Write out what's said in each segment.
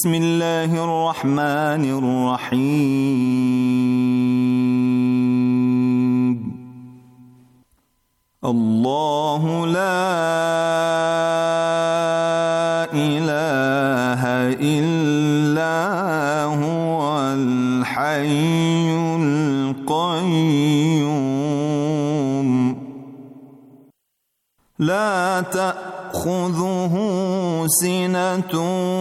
بسم الله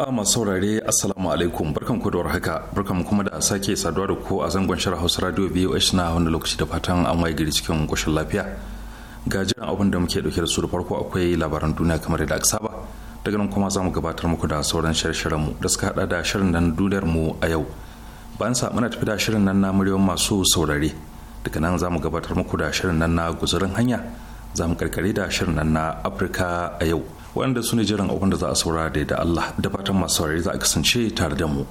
jama'a masu saurare assalamu alaikum barkan ku da warhaka barkan kuma da sake saduwa da ku a zangon shirin Hausa Radio BOH na wani lokaci da fatan an waye gari cikin koshin lafiya ga jiran abin da muke dauke da su da farko akwai labaran duniya kamar da aka saba daga nan kuma za mu gabatar muku da sauran shirye-shiryen mu da suka hada da shirin nan duniyar mu a yau bayan sa muna tafi da shirin nan na muryoyin masu saurare daga nan za mu gabatar muku da shirin nan na guzurin hanya za mu karkare da shirin nan na Afirka a yau waɗanda su ne jiran abin da za a saura da Allah da fatan masu saurari za a kasance tare da mu.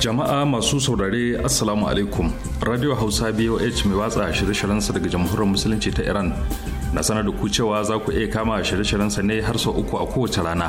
jama'a masu saurare assalamu alaikum radio hausa boh mai watsa shirye sa daga jamhuriyar musulunci ta iran na sanar da ku cewa za ku iya kama shirye-shiryensa ne har sau uku a kowace rana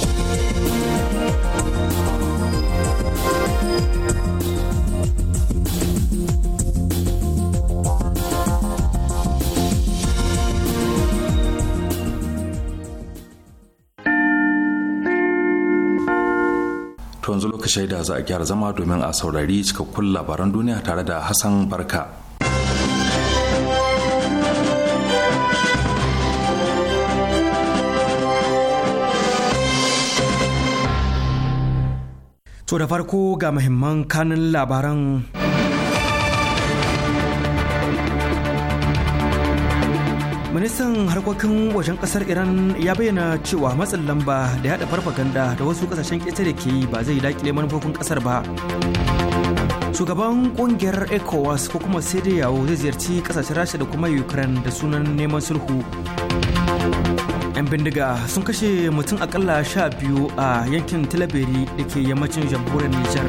To yanzu lokacin da za a gyara zama domin a saurari cikakkun labaran duniya tare da Hassan Barka. To da farko ga muhimman kanin labaran ministan harkokin wajen kasar iran ya bayyana cewa matsin lamba da yada farfaganda da wasu kasashen ƙetare ke yi ba zai daƙile manufofin kasar ba shugaban kungiyar ecowas ko kuma yawo zai ziyarci kasashen rasha da kuma ukraine da sunan neman sulhu yan bindiga sun kashe mutum akalla sha biyu a yankin tilaberi da ke yammacin jamhuriyar nijar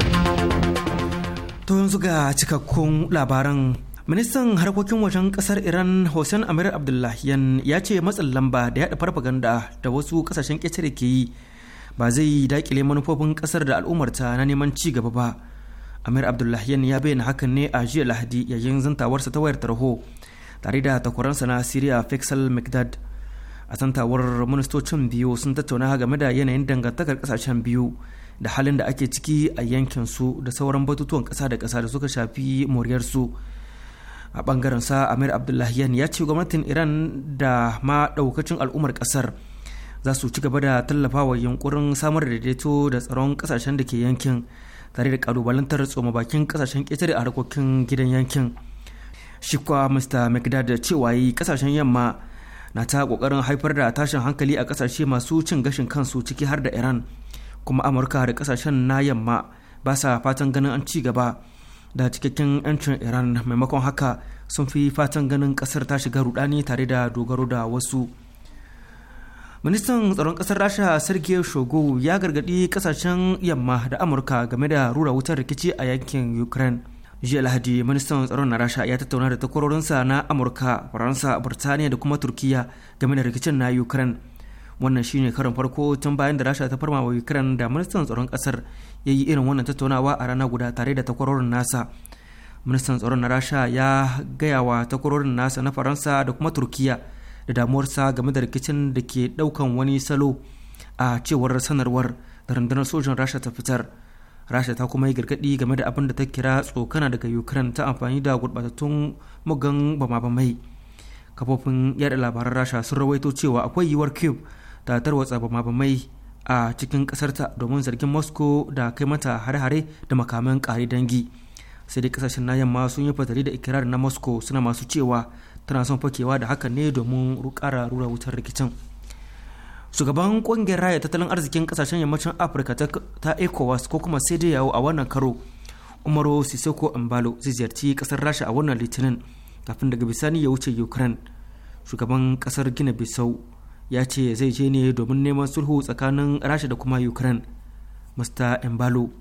to yanzu ga cikakkun labaran ministan harkokin wajen kasar iran hussein amir abdullahiyan ya ce matsin lamba da yada farfaganda da wasu kasashen ƙetare ke yi ba zai daƙile manufofin kasar da al'ummarta na neman ci gaba ba amir abdullahiyan ya bayyana hakan ne a jiya lahadi yayin zantawarsa ta wayar tarho tare da takwaransa na syria faisal mikdad a zantawar ministocin biyu sun tattauna game da yanayin dangantakar kasashen biyu da halin da ake ciki a yankin su da sauran batutuwan kasa da kasa da suka shafi moriyarsu. su a bangaren sa amir abdullahi yan ya ce gwamnatin iran da ma daukacin al'ummar kasar za su ci gaba da tallafawa yunkurin samar da daidaito da tsaron kasashen da ke yankin tare da kalubalantar tsoma bakin kasashen ƙetare a harkokin gidan yankin shi kuwa mr mcdad da cewa yi kasashen yamma na ta kokarin haifar da tashin hankali a kasashe masu cin gashin kansu ciki har da iran kuma amurka da kasashen na yamma ba sa fatan ganin an ci gaba da cikakken 'yancin iran maimakon haka sun fi fatan ganin kasar ta shiga rudani tare da dogaro da wasu ministan tsaron kasar rasha sergei shogo ya gargadi kasashen yamma da amurka game da rura wutar rikici a yankin ukraine jiya lahadi ministan tsaron na rasha ya tattauna da takwarorinsa na amurka faransa burtaniya da kuma turkiya game da rikicin na ukraine wannan shine karin farko tun bayan da rasha ta farma wa ukraine da ministan tsaron kasar ya yi irin wannan tattaunawa a rana guda tare da takwarorin nasa ministan tsaron na rasha ya gaya wa takwarorin nasa na faransa da kuma turkiya da damuwarsa game da rikicin da ke daukan wani salo a cewar sanarwar da rundunar sojan rasha ta fitar rasha ta kuma yi gargadi game da abin da ta kira tsokana daga ukraine ta amfani da gurbatattun mugan bama-bamai kafofin yada labaran rasha sun rawaito cewa akwai yiwuwar cube ta tarwatsa bama-bamai a cikin kasarta domin zargin moscow da kai mata hare-hare da makaman kare dangi sai dai kasashen na yamma sun yi fatali da ikirar na moscow suna masu cewa tana son fakewa da hakan ne domin rukara rura wutar rikicin shugaban ƙungiyar raya tattalin arzikin ƙasashen yammacin afirka ta ecowas ko kuma sai dai yawo a wannan karo umaru sisoko ambalo zai ziyarci kasar rasha a wannan litinin kafin daga bisani ya wuce ukraine shugaban kasar gina bisau ya ce zai je ne domin neman sulhu tsakanin rasha da kuma ukraine mr embalo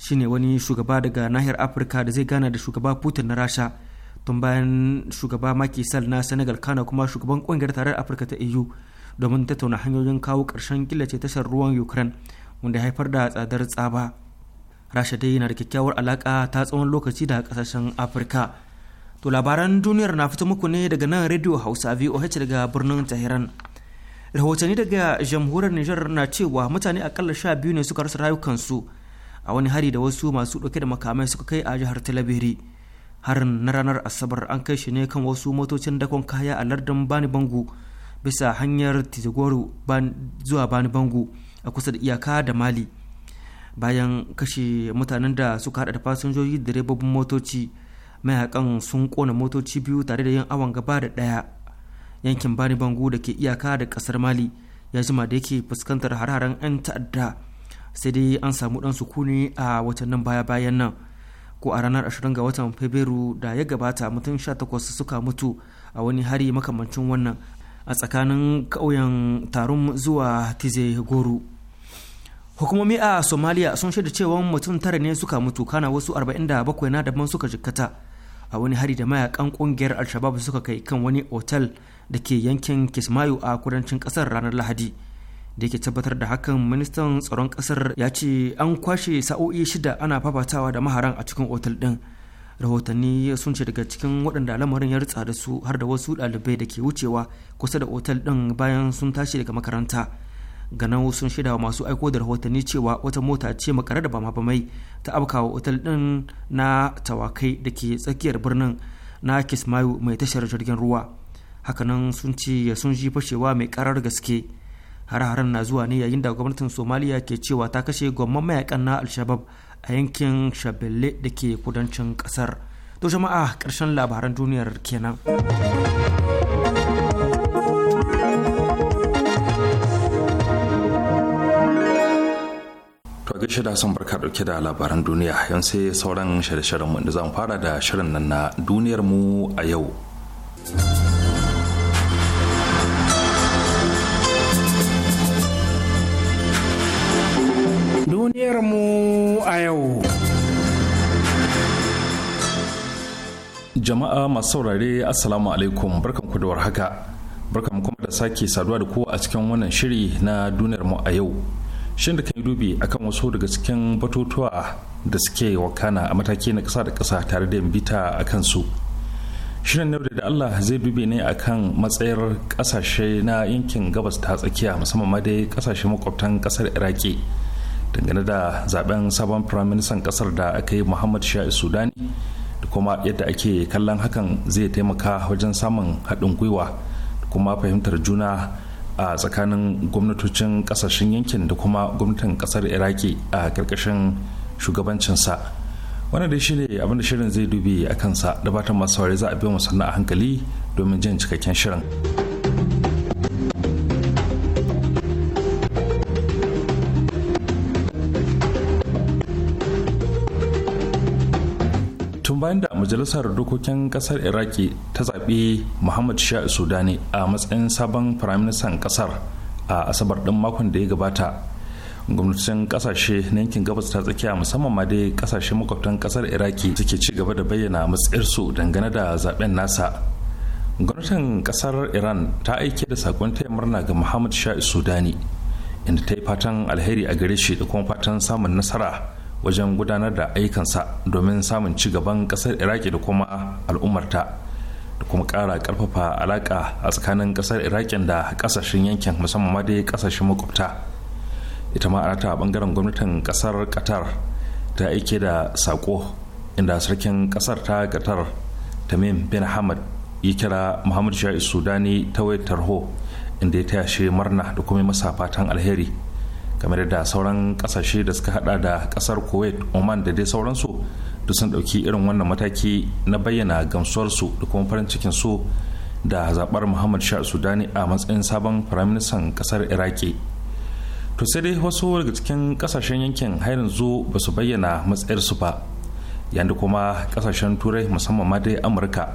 shine wani shugaba daga nahiyar afirka da zai gana da shugaba putin na rasha tun bayan shugaba Macky Sall na Senegal kana kuma shugaban kungiyar tarayyar Afirka ta EU domin tattauna hanyoyin kawo ƙarshen killace tashar ruwan Ukraine wanda haifar da tsadar tsaba. Rasha dai na da kyakkyawar alaka ta tsawon lokaci da kasashen Afirka. To labaran duniyar na fito muku ne daga nan Radio Hausa VOH daga birnin Tehran. rahotanni daga jamhuriyar nijar na cewa mutane akalla sha biyu ne suka rasa rayukansu a wani hari da wasu masu ɗauke da makamai suka kai a jihar talabiri harin na ranar asabar an kai shi ne kan wasu motocin dakon kaya a lardin bani bangu bisa hanyar tijagoro zuwa bani bangu a kusa da iyaka da mali bayan kashe mutanen da suka hada da fasinjoji da direbobin motoci mayakan sun kona motoci biyu tare da yin awon gaba da ɗaya yankin bani bango da ke iyaka da kasar mali ya jima da yake fuskantar hararen 'yan ta'adda sai dai an samu dan sukuni a watannin baya-bayan nan ko a ranar 20 ga watan fabrairu da ya gabata mutum 18 suka mutu a wani hari makamancin wannan a tsakanin kauyen tarum zuwa tize goro hukumomi a somaliya sun shaida cewa mutum tara ne suka mutu kana wasu 47 na daban suka jikkata a wani hari da mayakan kungiyar alshabab suka kai kan wani otal da ke yankin kismayo a kudancin kasar ranar lahadi da ke tabbatar da hakan ministan tsaron kasar ya ce an kwashe sa'o'i shida ana fafatawa da maharan a cikin otal din rahotanni sun ce daga cikin waɗanda lamarin ya ritsa da su har da wasu ɗalibai da ke wucewa kusa da otal ɗin bayan sun tashi daga makaranta ganau sun shaida wa masu aiko da rahotanni cewa wata mota ce makare da ba bamai ta abkawa otal din na tawakai da ke tsakiyar birnin na kismayu mai tashar jirgin ruwa hakanan sun ce sun ji fashewa mai karar gaske har haren na zuwa ne yayin da gwamnatin somaliya ke cewa ta kashe gwamman mayakan na alshabab a yankin shabelle da ke kudancin kasar to jama'a karshen labaran duniyar kenan To gaishe da son barka dauke da labaran duniya yan sai sauran shirye-shiryen mu da zan fara da shirin nan na duniyar mu a yau. Duniyar mu a yau. Jama'a masu saurare Assalamu alaikum barkanku da haka. Barkan kuma da sake saduwa da ku a cikin wannan shiri na duniyar mu a yau. shin da kan yi dubi akan wasu daga cikin batutuwa da suke wakana a mataki na kasa da kasa tare da bita a kansu shirin yau da allah zai dube ne akan matsayar ƙasashe na yankin gabas ta tsakiya musamman ma dai ƙasashe makwabtan ƙasar iraki dangane da zaben sabon firaministan ƙasar da aka yi muhammad sha'i sudani da kuma yadda ake kallon hakan zai taimaka wajen samun haɗin gwiwa da kuma fahimtar juna a tsakanin gwamnatocin kasashen yankin da kuma gwamnatin kasar iraki a ƙarƙashin shugabancinsa wanda dai shi ne abinda shirin zai dubi a kansa da batan masu za a biyo musanna a hankali domin jin cikakken shirin. bayan da majalisar dokokin kasar iraki ta zaɓi muhammad sha sudani a matsayin sabon firaministan kasar a asabar ɗin makon da ya gabata gwamnatin kasashe na yankin gabas ta tsakiya musamman ma dai kasashe makwabtan kasar iraki suke ci gaba da bayyana matsayarsu dangane da zaben nasa gwamnatin kasar iran ta aike da sakon taya murna ga muhammad sha sudani inda ta yi fatan alheri a gare shi da kuma fatan samun nasara wajen gudanar da ayyukansa domin samun ci gaban kasar iraki da kuma al'ummarta da kuma kara karfafa alaka a tsakanin kasar iraki da kasashen yankin musamman ma dai kasashen makwabta ita ma ta bangaren gwamnatin kasar qatar ta aike da sako inda sarkin kasar ta qatar tamim bin hamad ya kira muhammad sha'i sudani ta wayar tarho inda ya taya shi murna da kuma masa fatan alheri kamar da sauran kasashe da suka hada da kasar kuwait oman da dai sauransu duk sun dauki irin wannan mataki na bayyana gamsuwarsu da kuma farin cikin su da zabar muhammad sha sudani a matsayin sabon firaministan kasar iraki to sai dai wasu daga cikin kasashen yankin har yanzu ba su bayyana matsayar su ba yanda kuma kasashen turai musamman ma dai amurka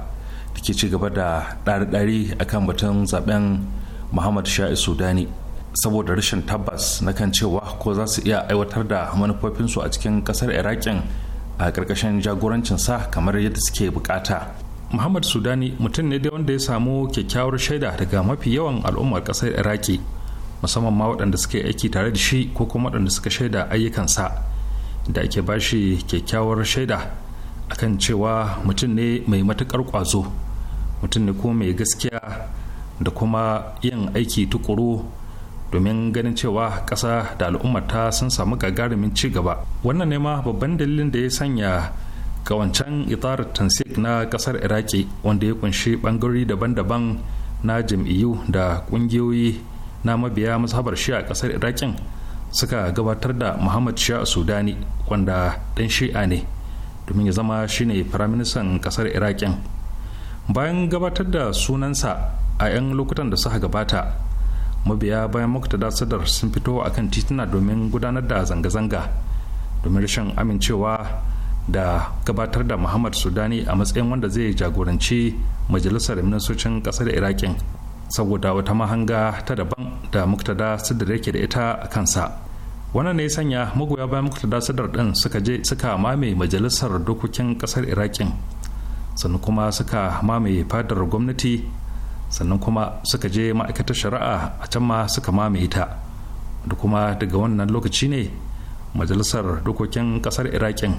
da ke ci gaba da ɗari-ɗari akan batun zaben muhammad sha sudani saboda rashin tabbas na kan cewa ko za su iya aiwatar da manufofinsu a cikin kasar iraƙin a ƙarƙashin jagorancin sa kamar yadda suke bukata muhammad sudani mutum ne dai wanda ya samu kyakkyawar shaida daga mafi yawan al'ummar ƙasar iraki musamman ma waɗanda yi aiki tare da shi ko kuma waɗanda suka shaida ayyukansa da ake ba shi kyakkyawar shaida akan cewa mutum ne mai matuƙar ƙwazo mutum ne ko mai gaskiya da kuma yin aiki tukuru domin ganin cewa ƙasa da al'ummata sun samu gagarumin ci gaba wannan ne ma babban dalilin da ya sanya ga wancan itarar tansik na ƙasar iraki wanda ya kunshi ɓangarori daban-daban na jam'iyyu da ƙungiyoyi na mabiya mazhabar shi a ƙasar irakin suka gabatar da muhammad shi sudani wanda ɗan shi'a ne domin ya zama shine firaministan ƙasar irakin bayan gabatar da sunansa a 'yan lokutan da suka gabata mabiya bayan muktada sadar sun fito a kan tituna domin gudanar da zanga-zanga domin rashin amincewa da gabatar da muhammad sudani a matsayin wanda zai jagoranci majalisar ministocin kasar irakin saboda wata mahanga ta daban da muktada sadar yake da ita a kansa wannan ne sanya magoya bayan muktada sadar din suka je suka mame majalisar dokokin kasar irakin sannan kuma suka mamaye fadar gwamnati sannan kuma suka je ma'aikatar shari'a a can ma suka mamaye ta da kuma daga wannan lokaci ne majalisar dokokin kasar iraƙin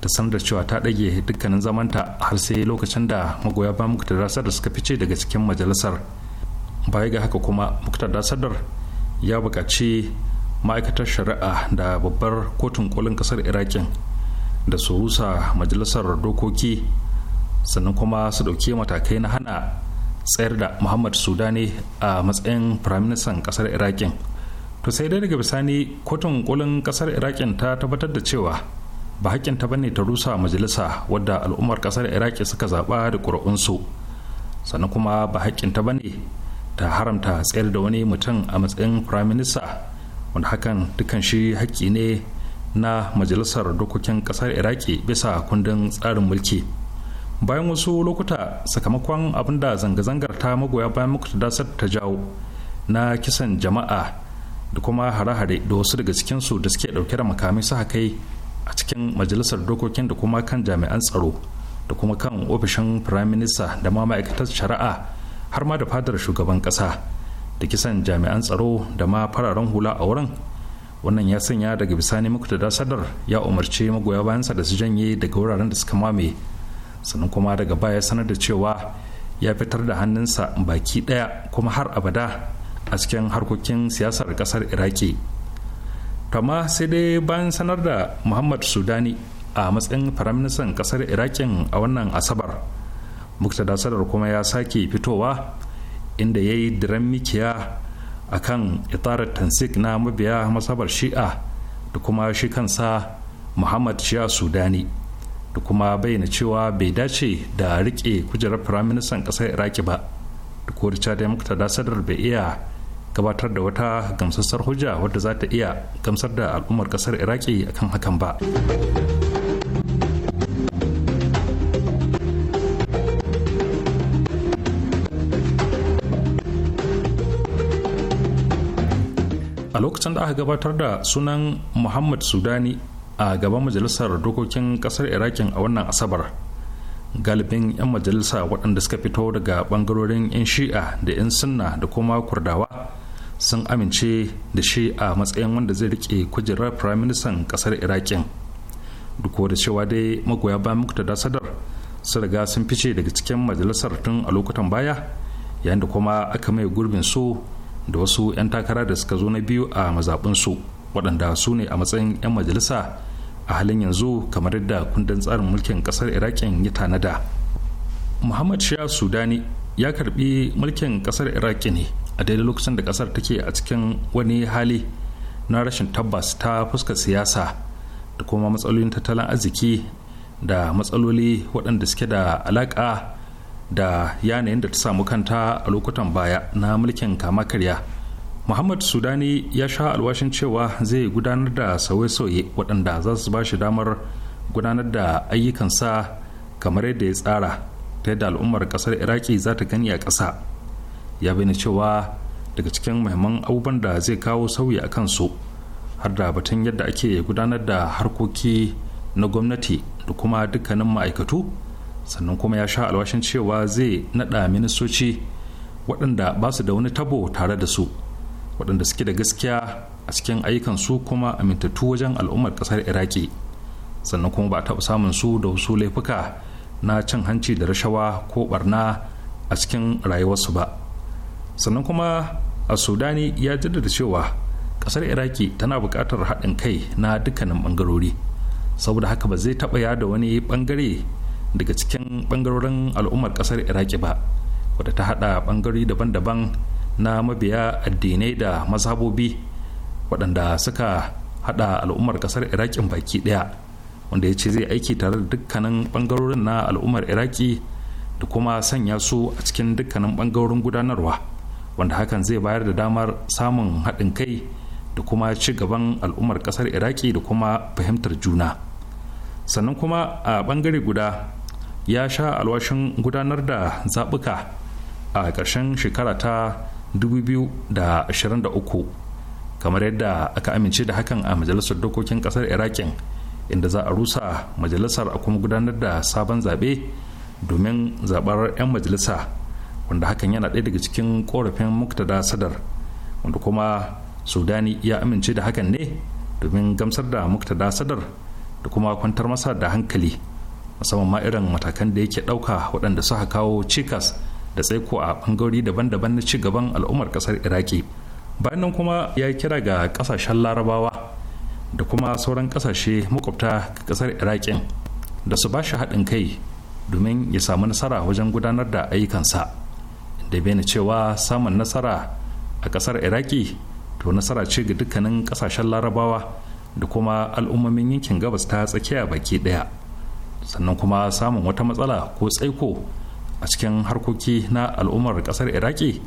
ta sanar cewa ta ɗage dukkanin zamanta har sai lokacin da magoya ba da sadar suka fice daga cikin majalisar baya ga haka kuma muktada sadar ya buƙaci ma'aikatar shari'a da babbar kotun kolin kasar iraƙin da su rusa majalisar dokoki sannan kuma su ɗauki matakai na hana tsayar da muhammad sudani a matsayin firaministan kasar iraƙin to sai dai daga bisani kotun kulin kasar iraƙin ta tabbatar da cewa ba hakkin ta bane ta rusa majalisa wadda al'ummar kasar iraki suka zaɓa da ƙuri'unsu sannan kuma ba hakkin ta bane ta haramta tsayar da wani mutum a matsayin firaminista wanda hakan dukan shi haƙƙi ne na majalisar dokokin kasar iraki bisa kundin tsarin mulki bayan wasu lokuta sakamakon abin da zanga-zangar ta magoya bayan muktadasar ta jawo na kisan jama'a da kuma hare-hare da wasu daga cikinsu da suke dauke da makamai su kai a cikin majalisar dokokin da kuma kan jami'an tsaro da kuma kan ofishin prime minista da ma ma'aikatar shari'a har ma da fadar shugaban kasa da kisan jami'an tsaro da ma fararen hula a wurin wannan ya sanya daga bisani muku da sadar ya umarci magoya bayansa da su janye daga wuraren da suka mame sannan kuma daga baya sanar da cewa ya fitar da hannunsa baki daya kuma har abada a cikin harkokin siyasar kasar iraki kama sai dai bayan sanar da muhammad sudani a matsayin firaministan kasar irakin a wannan asabar muktada sadar kuma ya sake fitowa inda ya yi diran mikiya a kan itarar tansik na mabiya masabar shi'a da kuma shi kansa muhammad shi'a sudani da kuma bayyana cewa bai dace da rike kujerar firaministan kasar iraki ba da kuwa richard ya da sadar bai iya gabatar da wata gamsassar hujja wadda za ta iya gamsar da al'ummar kasar iraki akan hakan ba a lokacin da aka gabatar da sunan muhammad sudani a gaban majalisar dokokin kasar irakin a wannan asabar galibin 'yan majalisa waɗanda suka fito daga ɓangarorin 'yan shi'a da 'yan sunna da kuma kurdawa sun amince da shi a matsayin wanda zai rike kujerar firaministan kasar irakin duk da cewa dai magoya ba muktada sadar su riga sun fice daga cikin majalisar tun a lokutan baya yayin da kuma aka mai gurbin su da wasu 'yan takara da suka zo na biyu a mazaɓinsu su waɗanda su ne a matsayin 'yan majalisa a halin yanzu kamar yadda kundin tsarin mulkin ƙasar iraƙin ya tanada muhammad shia sudani ya karbi mulkin ƙasar iraki ne a daidai lokacin da ƙasar take a cikin wani hali na rashin tabbas ta fuska siyasa da kuma matsalolin tattalin arziki da matsaloli waɗanda suke da alaƙa da yanayin da ta samu kanta a lokutan baya na mulkin kama karya muhammad sudani ya sha alwashin cewa zai gudanar da sauye-sauye waɗanda za su ba shi damar gudanar da ayyukansa kamar yadda ya tsara ta yadda al'ummar ƙasar iraki za ta gani a ƙasa ya bayyana cewa daga cikin muhimman abubuwan da zai kawo sauyi a kansu har da batun yadda ake gudanar da harkoki na gwamnati da kuma dukkanin ma'aikatu sannan kuma ya sha alwashin cewa zai naɗa ministoci waɗanda ba su da wani tabo tare da su waɗanda suke da gaskiya a cikin ayyukan su kuma amintattu wajen al'ummar ƙasar iraki sannan kuma ba taɓa samun su da wasu laifuka na cin hanci da rashawa ko barna a cikin rayuwarsu ba sannan kuma a sudani ya jaddada cewa ƙasar iraki tana buƙatar haɗin kai na dukkanin ɓangarori saboda haka ba zai taɓa ya da wani ɓangare daga cikin ɓangarorin al'ummar ƙasar iraki ba wadda ta haɗa ɓangarori daban-daban na mabiya addinai da mazhabobi waɗanda suka haɗa al'ummar ƙasar iraƙin baki ɗaya wanda ya ce zai aiki tare da dukkanin ɓangarorin na al'ummar iraƙi da kuma sanya su a cikin dukkanin ɓangarorin gudanarwa wanda hakan zai bayar da damar samun haɗin kai da kuma ci gaban al'ummar ƙasar iraki da kuma fahimtar juna sannan kuma a ɓangare guda ya sha alwashin gudanar da zaɓuka a ƙarshen shekara ta 2023 kamar yadda aka amince da hakan a majalisar dokokin kasar irakin inda za a rusa majalisar a kuma gudanar da sabon zaɓe domin zaɓar 'yan majalisa wanda hakan yana ɗaya daga cikin korafin muktada sadar wanda kuma sudani ya amince da hakan ne domin gamsar da muktada sadar da kuma kwantar masa da hankali musamman ma irin matakan da yake ɗauka waɗanda suka kawo cikas da tsaiko a bangarori daban-daban na ci gaban al'ummar kasar iraki bayan nan kuma ya kira ga kasashen larabawa da kuma sauran kasashe makwabta kasar irakin da su ba shi haɗin kai domin ya samu nasara wajen gudanar da ayyukansa da bai cewa samun nasara a kasar iraki to nasara ce ga dukkanin kasashen larabawa da kuma al'ummomin yankin gabas ta tsakiya baki ɗaya sannan kuma samun wata matsala ko tsaiko a cikin harkoki na al'ummar kasar iraki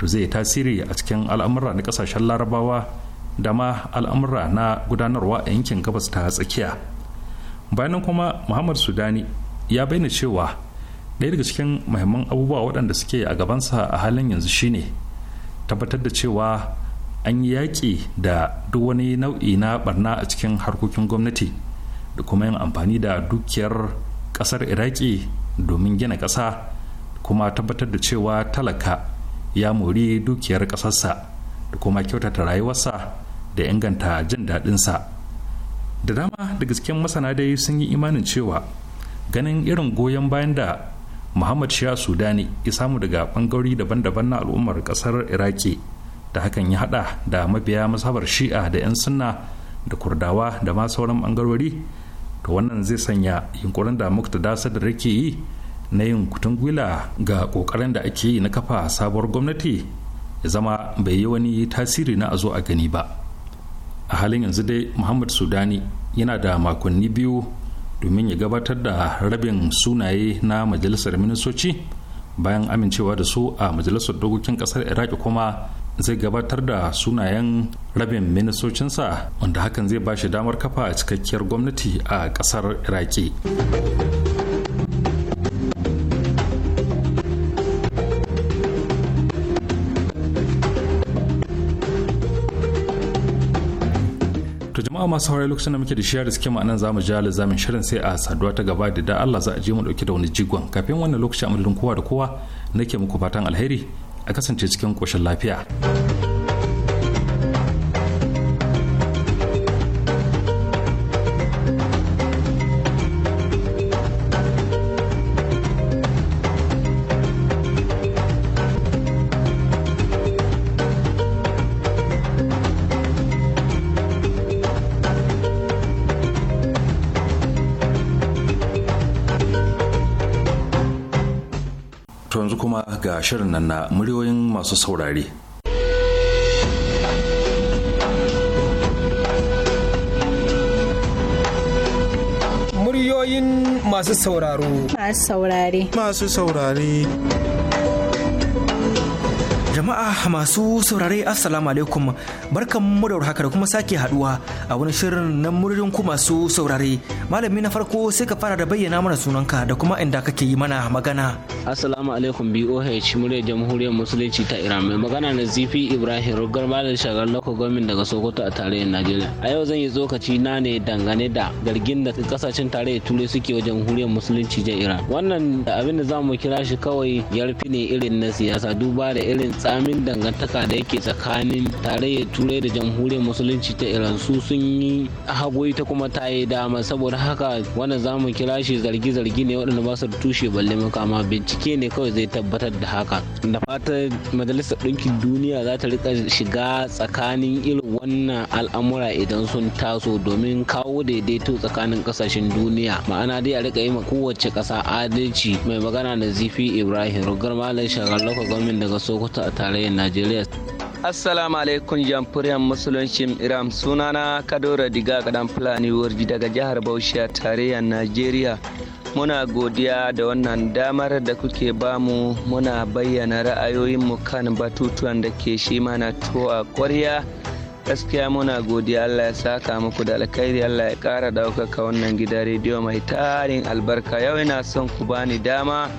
to zai tasiri a cikin al'amura na kasashen larabawa da ma al'amura na gudanarwa a yankin gabas ta tsakiya bayanan kuma muhammad sudani ya bayyana cewa ɗaya daga cikin mahimman abubuwa waɗanda suke a gabansa a halin yanzu shine tabbatar da cewa an yi yaƙi da duk wani nau'i na barna a cikin harkokin gwamnati da kuma yin amfani da dukiyar ƙasar iraki domin gina ƙasa kuma tabbatar da cewa talaka ya mori dukiyar ƙasarsa da kuma kyautata rayuwarsa da inganta jin daɗinsa da dama daga cikin masana dai sun yi imanin cewa ganin irin goyon bayan da muhammad shia sudani ya samu daga ɓangarori daban-daban na al'ummar ƙasar iraki da hakan ya hada da mabiya masabar shi'a da 'yan sunna da kurdawa da ma sauran bangarori to wannan zai sanya yunkurin da dasa da yake yi na yin kutun gwila ga kokarin da ake yi na kafa sabuwar gwamnati ya zama bai yi wani tasiri na a zo a gani ba a halin yanzu dai muhammad sudani yana da makonni biyu domin ya gabatar da rabin sunaye na majalisar ministoci bayan amincewa da su a majalisar dokokin kasar iraki kuma zai gabatar da sunayen rabin ministocinsa wanda hakan zai ba shi damar kafa a cikakkiyar gwamnati a kasar iraki to jama'a masu hawaye lokacin da muke da shiyar suke ma'anan zamu ji lizamin shirin sai a saduwa ta gaba da da Allah za a je mu dauki da wani jigon kafin wannan lokacin amadadin kowa da kowa nake muku fatan alheri a kasance cikin ƙoshin lafiya. koma ga shirin nan na muryoyin masu saurare. Muryoyin masu sauraro. Masu saurare. Masu saurare. Jama'a masu saurare Assalamu alaikum barkan mu da haka da kuma sake haduwa a wani shirin na murjin ku masu saurare malami na farko sai ka fara da bayyana mana sunanka da kuma inda kake yi mana magana assalamu alaikum boh murya jamhuriyar musulunci ta iran mai magana na zifi ibrahim rugar malam shagar lako gwamnati daga sokoto a tarayyar najeriya a yau zan yi tsokaci na ne dangane da zargin da kasashen tarayyar turai suke wa jamhuriyar musulunci ta iran wannan abin da za mu kira shi kawai yarfi ne irin na siyasa duba da irin tsamin dangantaka da yake tsakanin tarayyar turai da jamhuriyar musulunci ta iran su sun yi hagu ita kuma ta yi dama saboda haka wannan zamu kira shi zargi-zargi ne waɗanda ba su tushe balle makama bincike ne kawai zai tabbatar da haka da fatan majalisar ɗinkin duniya za ta rika shiga tsakanin irin wannan al'amura idan sun taso domin kawo daidaito tsakanin ƙasashen duniya ma'ana dai a rika yi ma kowace ƙasa adalci mai magana da zifi ibrahim rugar malam shagar lokacin daga sokoto a tarayyar najeriya Assalamu alaikum jamfuriyar Musulunci Iram sunana Kadora Diga Kadan Fulani Warji daga jihar Bauchi a tarayyar Najeriya. Muna godiya da wannan damar da kuke bamu muna bayyana ra'ayoyin ra'ayoyinmu kan batutuwan da ke shi mana tuwo a Gaskiya muna godiya Allah ya saka muku da alkhairi Allah ya kara ɗaukaka wannan gidan rediyo mai tarin albarka yau ina son ku bani dama.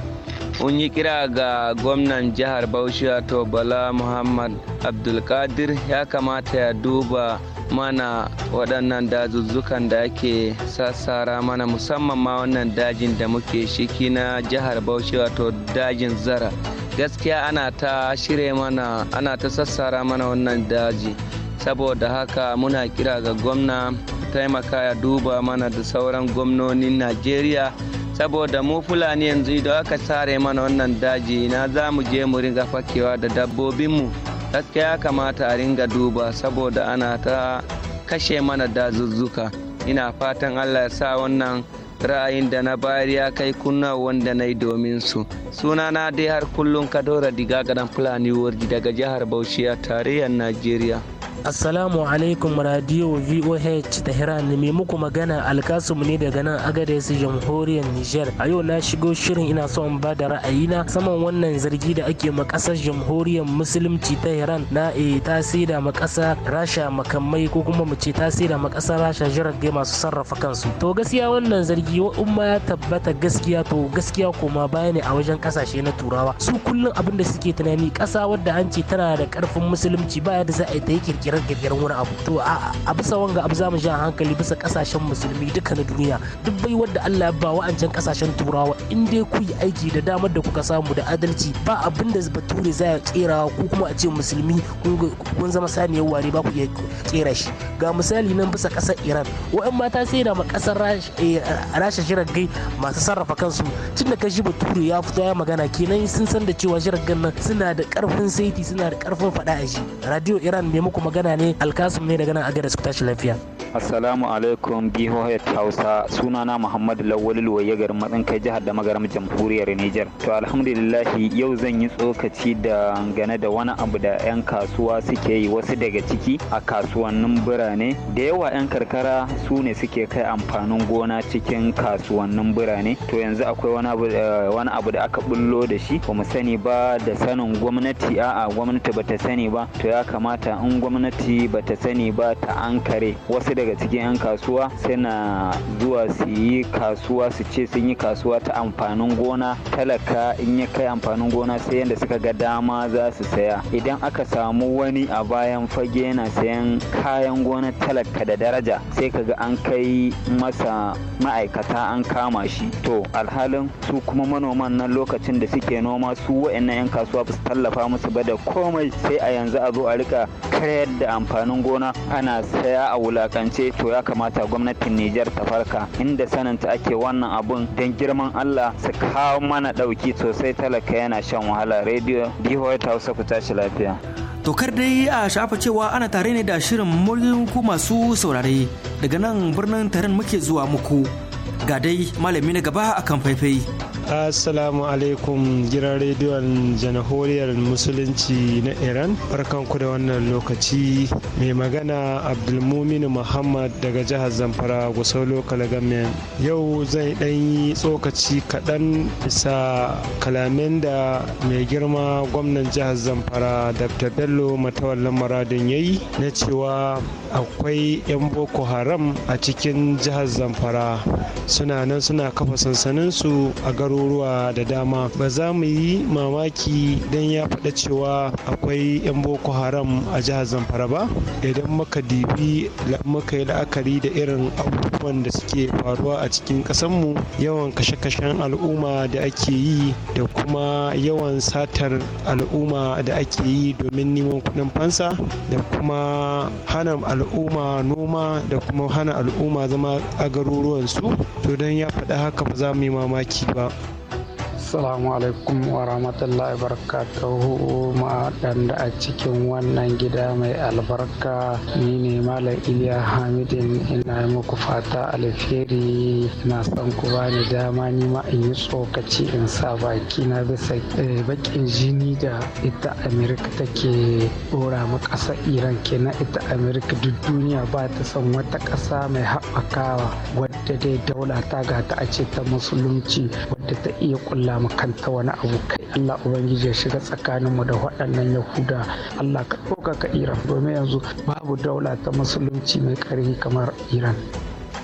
mun yi kira ga gwamnan jihar bauchi wato bala muhammad abdulkadir ya kamata ya duba mana waɗannan dazuzzukan da ake sassara mana musamman ma wannan dajin da muke shiki na jihar bauchi wato dajin zara gaskiya ana ta shirya mana ana ta sassara mana wannan daji saboda haka muna kira ga gwamna taimaka ya duba mana da sauran gwamnonin najeriya saboda mu fulani yanzu idan aka sare mana wannan daji na za mu je mu ringa fakewa da dabbobinmu gaskiya kamata a ringa duba saboda ana ta kashe mana dazuzzuka ina fatan allah ya sa wannan ra'ayin da na bayar ya kai kunna wanda na yi domin su sunana dai har kullum kadora diga gadan fulani wurji daga jihar bauchi a tarayyar najeriya Assalamu alaikum radio VOH Tehran mai muku magana alkasumu ne daga nan Agadez jamhuriyar Nijar. A yau na shigo shirin ina son ba da ra'ayina saman wannan zargi da ake ma kasar jamhuriyar musulunci ta Iran na e eh, tasira ma kasar Rasha makamai ko kuma mu ce tasira ma Rasha jirage masu sarrafa kansu. To gaskiya wannan zargi wa umma ya tabbata gaskiya to gaskiya koma baya ne a wajen kasashe na Turawa. Su kullum abin da suke tunani kasa wadda an ce tana da karfin musulunci baya da za a yi ta yi kirkirar wani abu to a bisa wanga abu za mu hankali bisa kasashen musulmi duka na duniya duk bai wanda Allah ya ba wa'ancan kasashen turawa in dai ku yi aiki da damar da kuka samu da adalci ba abin da bature za ya kera ko kuma a ce musulmi kun zama saniyar ware ba ku iya kera shi ga misali nan bisa kasar Iran wa'an mata sai da ma kasar eh, rasha shiragai masu sarrafa kansu tun da kashi bature ya fito ya magana kenan sun san da cewa shiragan nan suna da karfin saiti suna da karfin faɗa a shi radio Iran ne muku magana ne alkasum ne daga nan agadas su tashi lafiya Assalamu alaikum BOH Hausa sunana Muhammad Lawal Luwaye garin matsin kai jihar da magaram jamhuriyar Niger. To alhamdulillahi yau zan yi tsokaci da gane da wani abu da 'yan kasuwa suke yi wasu daga ciki a kasuwannin birane. Da yawa 'yan karkara su ne suke kai amfanin gona cikin kasuwannin birane. To yanzu akwai eh, wani abu da aka bullo da shi ba mu sani ba da sanin gwamnati a'a gwamnati bata sani ba to ya kamata in gwamnati bata sani ba ta ankare wasu daga daga cikin 'yan kasuwa suna zuwa su yi kasuwa su ce sun yi kasuwa ta amfanin gona talaka in ya kai amfanin gona sai yadda suka ga dama za su saya idan aka samu wani a bayan fage yana sayan kayan gona talaka da daraja sai ka ga an kai masa ma'aikata an kama shi to alhalin su kuma manoman nan lokacin da suke noma su wa'annan 'yan kasuwa ba su tallafa musu ba da komai sai a yanzu a zo a rika kayar da amfanin gona ana saya a wulakan hukumance to ya kamata gwamnatin Nijar ta farka inda sananta ake wannan abun don girman Allah su kawo mana ɗauki sosai talaka yana shan wahala rediyo bihoyi ta hausa ku tashi lafiya. Tokar dai a shafa cewa ana tare ne da shirin muku ku masu saurare daga nan birnin tarin muke zuwa muku. ga dai malami na gaba kan faifai. Assalamu alaikum gidan rediyon janahoriyar musulunci na Iran. Barkanku da wannan lokaci mai magana Abdulmumin Muhammad daga jihar Zamfara Gusau Local Government. Yau zai ɗan yi tsokaci kaɗan bisa kalamin da mai girma gwamnan jihar Zamfara Dr. Bello Matawallan Maradin ya yi na cewa akwai 'yan Boko Haram a cikin jihar Zamfara. suna nan suna kafa sansanin su a garuruwa da dama ba za mu yi mamaki don ya faɗa cewa akwai 'yan boko haram a jihar zamfara ba idan muka dibi muka yi la'akari da irin abubuwan da suke faruwa a cikin mu yawan kashe-kashen al'umma da ake yi da kuma yawan satar al'umma da ake yi domin neman kuɗin fansa da kuma hana al'umma noma da kuma hana al'umma zama a garuruwansu to don ya faɗi haka ba za mu yi mamaki ba Assalamu alaikum wa rahmatullahi barakatuhu waɗanda a cikin wannan gida mai albarka ni ne Malam Iliya Hamidin ina muku fata alheri na san ku bani dama ni ma in yi tsokaci in sa baki na bisa eh, bakin jini da ita Amerika take dora mu ƙasa Iran na ita Amerika duk duniya ba ta san wata ƙasa mai haɓakawa wadda dai daula ta gata a ce ta musulunci wadda ta iya kulla kanta wani abu kai Allah ubangiji ya shiga tsakaninmu da waɗannan yahuda Allah ka ɗaukaka Iran domin yanzu babu daula ta musulunci mai ƙarfi kamar Iran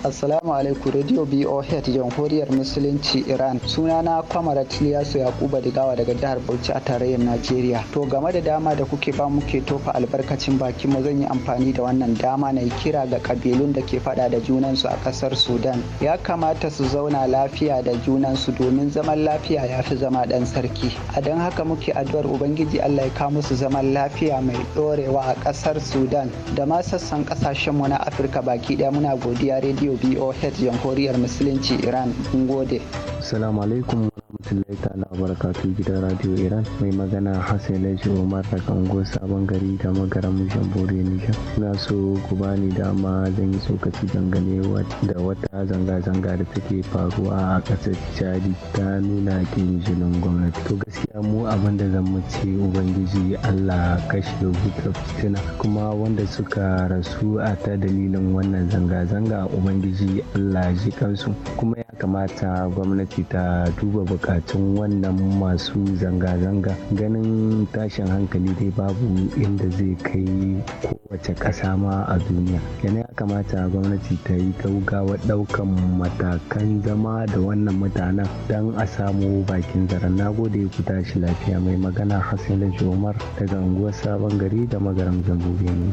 Assalamu alaikum Radio BOH Jamhuriyar Musulunci Iran. Suna Sunana Kwamarat Liyasu Yakuba Digawa daga jihar Bauchi a tarayyar Najeriya. To game da dama da kuke ba muke tofa albarkacin baki mu zan yi amfani da wannan dama na kira ga kabilun da ke fada da junansu a kasar Sudan. Ya kamata su zauna lafiya da junansu domin zaman lafiya ya fi zama dan sarki. A don haka muke addu'ar Ubangiji Allah ya kawo musu zaman lafiya mai ɗorewa a kasar Sudan da ma sassan kasashenmu na Afirka baki ɗaya muna godiya rediyo. radio boh jamhuriyar musulunci iran ngode gode assalamu alaikum rahmatullahi ta'ala barakatu gidan radio iran mai magana hassan laji umar daga ungo sabon gari da magaran jambore nijar na so ku bani dama zan yi tsokaci dangane da wata zanga-zanga da take faruwa a ƙasar chadi ta nuna kin gwamnati to gaskiya mu abin da zan ce ubangiji allah kashe wuta fitina kuma wanda suka rasu a ta dalilin wannan zanga-zanga ubangiji ubangiji allah ji kansu kuma ya kamata gwamnati ta duba bukatun wannan masu zanga-zanga ganin tashin hankali dai babu inda zai kai kowace ƙasa ma a duniya yana ya kamata gwamnati ta yi gaugawa daukan matakan zama da wannan mutanen don a samu bakin zaren na gode ku tashi lafiya mai magana hassan umar daga unguwar sabon gari da magaram zambubiya ne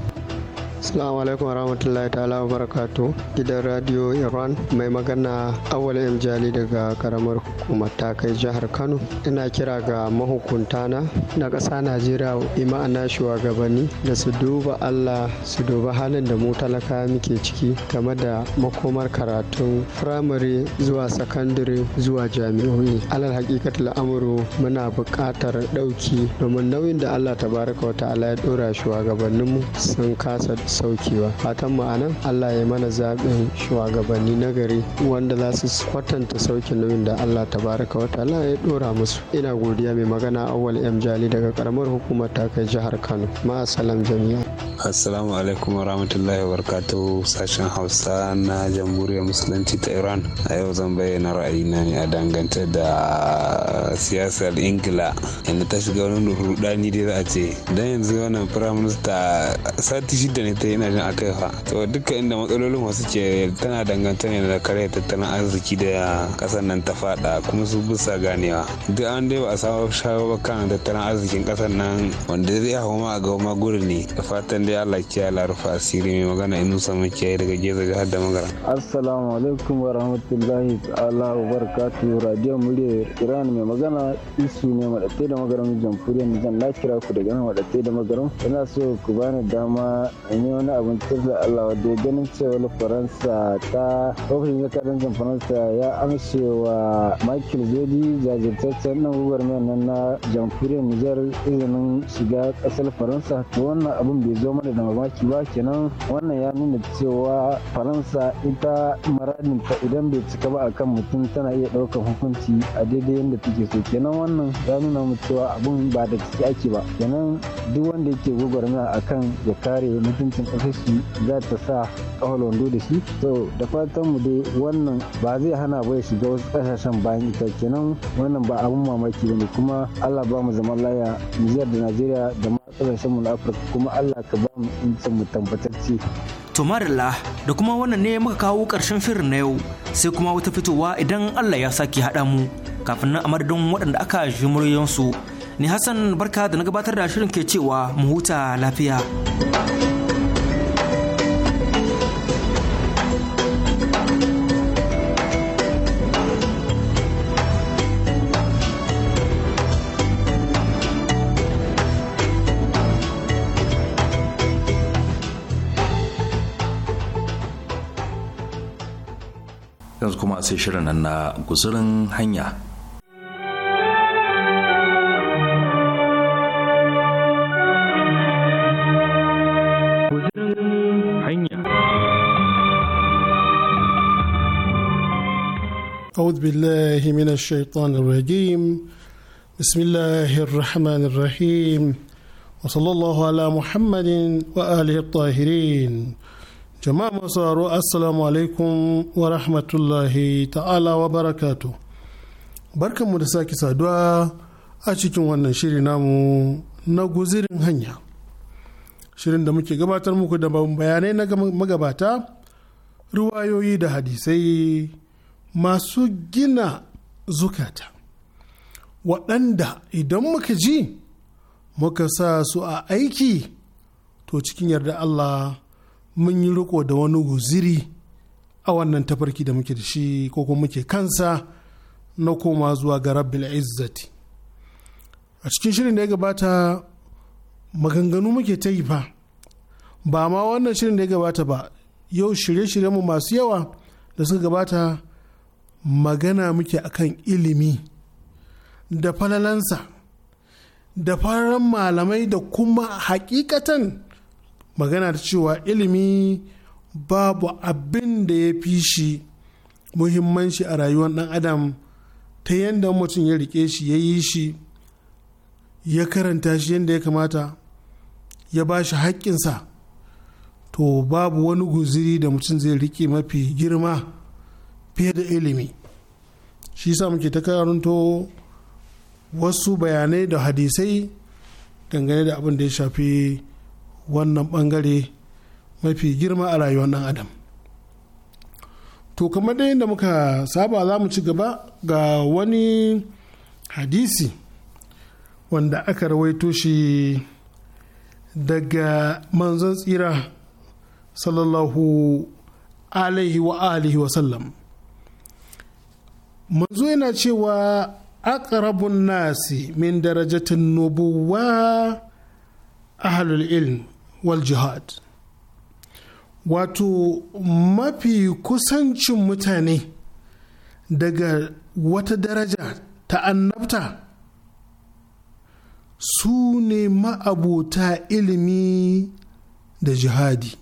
Assalamu alaikum warahmatullahi ta'ala barakatu gidan radiyo Iran mai magana Awal M daga karamar hukumar ta kai jihar Kano. Ina kira ga mahukunta na na ƙasa Najeriya ima'ana shugabanni da su duba Allah su duba halin da mu talaka muke ciki game da makomar karatun firamare zuwa sakandare zuwa jami'o'i. Alal hakikatul amuru muna buƙatar ɗauki domin nauyin da Allah tabaraka wa ta'ala ya ɗora shugabanninmu sun kasa saukewa fatan mu anan Allah ya mana zaɓin shugabanni na gari wanda za su kwatanta sauke nauyin da Allah tabaraka wa ta'ala ya dora musu ina godiya mai magana awwal M Jali daga karamar hukumar ta kai jihar Kano ma salam jami'a assalamu alaikum wa rahmatullahi wa barakatuhu sashen Hausa na jamhuriyar musulunci ta Iran a yau zan bayyana ra'ayina ne a dangance da siyasar Ingila inda ta shiga wani rudani dai za a ce dan yanzu wannan Minister sati shida ne ta sai yana jin akai fa to duka inda matsalolin wasu ce tana danganta ne da kare tattalin arziki da kasar nan ta fada kuma su bisa ganewa duk an dai ba a samu shawo ba kan tattalin arzikin kasar nan wanda zai hau ma a gaba guri ne da fatan dai Allah ya rufa asiri mai magana inu samu kiyaye daga geza jihar da magana assalamu alaikum wa rahmatullahi ta'ala wa barakatuh radio murya iran mai magana isu ne madatai da magaran jamhuriyar nijar na kira ku daga nan madatai da magaran ina so ku bani dama in ne wani abin da Allah wadda ganin cewar Faransa ta ofishin jakadancin Faransa ya amshe wa Michael Zodi jajirtaccen nan gwagwarmayar nan na jamhuriyar Nijar izinin shiga ƙasar Faransa to wannan abin bai zo mana da mamaki ba kenan wannan ya nuna cewa Faransa ita maradin ta idan bai cika ba akan mutum tana iya ɗaukar hukunci a daidai yadda take so kenan wannan ya nuna mu cewa abin ba da ciki ake ba kenan duk wanda yake gwagwarmaya akan ya kare mutunci kishin ƙasar za ta sa kawar wando da shi to da fatan mu dai wannan ba zai hana ba ya shiga wasu kasashen bayan ita kenan wannan ba abun mamaki ne kuma Allah ba mu zaman laya Nijar da Najeriya da ma kasashen mu na Afirka kuma Allah ka ba mu incin mu tabbatacce To marilla da kuma wannan ne muka kawo karshen shirin na yau sai kuma wata fitowa idan Allah ya sake haɗa mu kafin nan a madadin waɗanda aka ji muryoyinsu Ni Hassan barka da na gabatar da shirin ke cewa mu huta lafiya. kuma sai shirin nan na guzurin hanya أعوذ بالله من الشيطان الرجيم بسم الله الرحمن الرحيم وصلى الله على محمد وآله الطاهرين jama'a masu sauraro assalamu alaikum wa rahmatullahi ta'ala wa barakatu barkanmu da sake saduwa a cikin wannan shiri namu na guzirin hanya shirin da muke gabatar muku da bayanai na magabata ruwayoyi da hadisai masu gina zukata waɗanda idan muka ji muka sa su a aiki to cikin yarda Allah mun yi riko da wani guziri a wannan tafarki da muke da shi ko kuma muke kansa na koma zuwa ga rabbil izzati a cikin shirin da ya gabata maganganu muke ta yi fa ba ma wannan shirin da ya gabata ba yau shirye-shirye mu masu yawa da suka gabata magana muke akan ilimi da falalansa da fararen malamai da kuma hakikatan magana ta cewa ilimi babu abin da ya fi shi muhimmanci a rayuwar ɗan adam ta yadda mutum ya rike shi ya yi shi ya karanta shi yadda ya kamata ya ba shi haƙƙinsa to babu wani guziri da mutum zai rike mafi girma fiye da ilimi shi sa muke ta karanto wasu bayanai da hadisai dangane da abin da ya shafi wannan bangare mafi girma a rayuwar ɗan adam to kamar dai da muka saba za mu ci gaba ga wani hadisi wanda aka rawaito shi daga manzon tsira sallallahu alaihi wa alihi wasallam manzo yana cewa aqrabun nasi min darajatin nubuwa ahlul ilm wal jihad wato mafi kusancin mutane daga wata daraja ta annabta su ne ma'abota ilimi da jihadi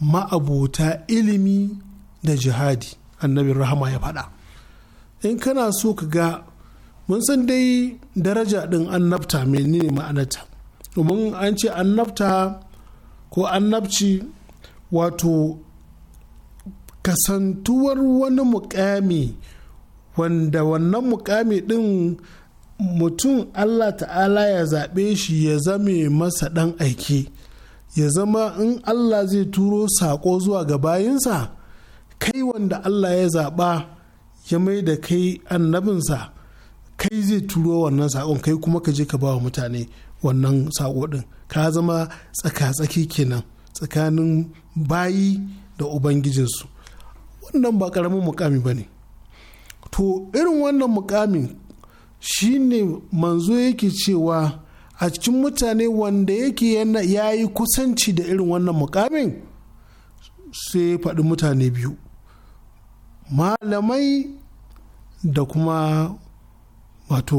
ma'abota ilimi da jihadi annabin rahama ya faɗa in kana so ka ga mun san dai daraja ɗin annabta menene ma'anarta domin an ce annabta ko annabci wato kasantuwar wani mukami wanda wannan mukami din mutum Allah ta'ala ya zaɓe shi ya zame masa ɗan aiki ya zama in Allah zai turo saƙo zuwa ga bayinsa kai wanda Allah ya zaɓa ya mai da kai annabinsa kai zai turo wannan saƙon kai kuma ka je ka ba wa mutane wannan sako ɗin ka zama tsaka-tsaki kenan tsakanin bayi da ubangijinsu wannan ba karamin mukami ba ne to irin wannan mukamin ne manzo yake cewa a cikin mutane wanda yake ya yi kusanci da irin wannan mukamin sai faɗi mutane biyu malamai da kuma wato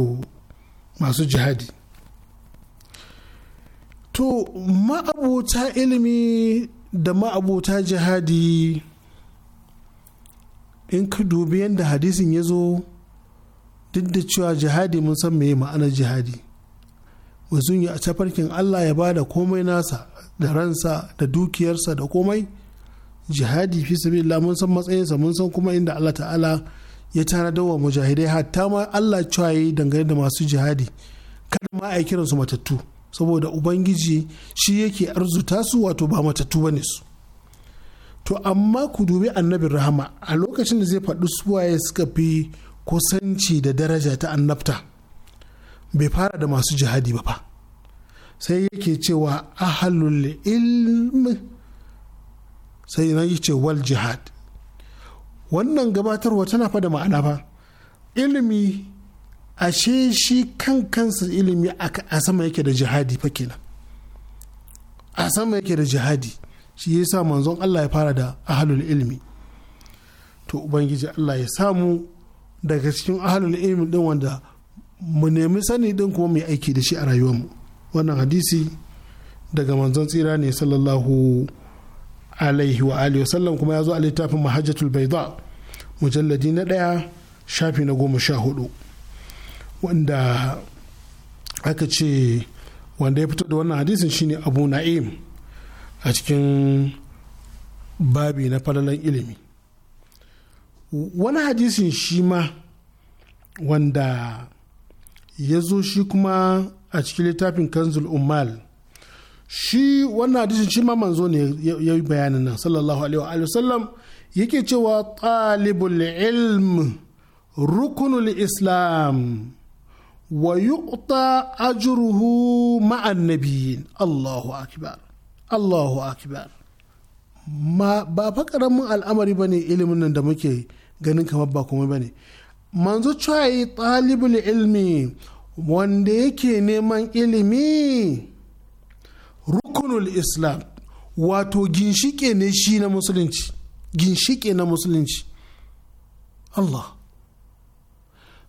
masu jihadi to ma'abuta ilimi da ma'abuta jihadi in ka dubi yadda hadisin ya zo duk da cewa jihadi mun san meye ma'anar jihadi mutum ya tafarkin Allah ya bada komai nasa da ransa da dukiyarsa da komai jihadi fi la mun san matsayinsa mun san kuma inda Allah ta'ala ya tanadar wa mujahidai hatta ma Allah cewa yi dangane da masu jihadi kada ma a kiransu matattu saboda ubangiji shi yake arzuta su wato ba matattu ba ne su to amma ku dubi annabin rahama a lokacin da zai faɗi suwaye suka fi kusanci da daraja ta annabta bai fara da masu jihadi ba fa sai yake cewa ahalul ilmi sai yi ce wal jihad wannan gabatarwa tana fa da ma'ana ba ilimi ashe shi kan kansa ilimi a sama yake da jihadi fa kenan a sama yake da jihadi shi ya sa manzon Allah ya fara da ahalul ilimi to ubangiji Allah ya samu daga cikin ahalul ilimi din wanda mu nemi sani din kuma mu aiki da shi a rayuwar rayuwarmu wannan hadisi daga manzon tsira ne sallallahu alaihi wa alihi wasallam kuma ya zo a littafin mahajjatul baida mujalladi na ɗaya shafi na goma sha hudu wanda aka ce wanda ya fito da wannan hadisin shine abu na'im a cikin babi na falalan ilimi wani hadisin shi ma wanda ya zo shi kuma a cikin littafin kanzul Umar, shi wannan hadisin shi ma manzo ne ya yi bayanin nan sallallahu alaihi wa sallam yake cewa talibul ilm rukunul islam wa yu'ta ajruhu ma'an Allahu akbar Allahu akbar ma ba fa karamin al'amari ne ilimin da muke ganin kamar ba kuma bane manzo cewa talibul ilmi wanda yake neman ilimi rukunul islam wato ginshike ne shi na musulunci ginshike na musulunci Allah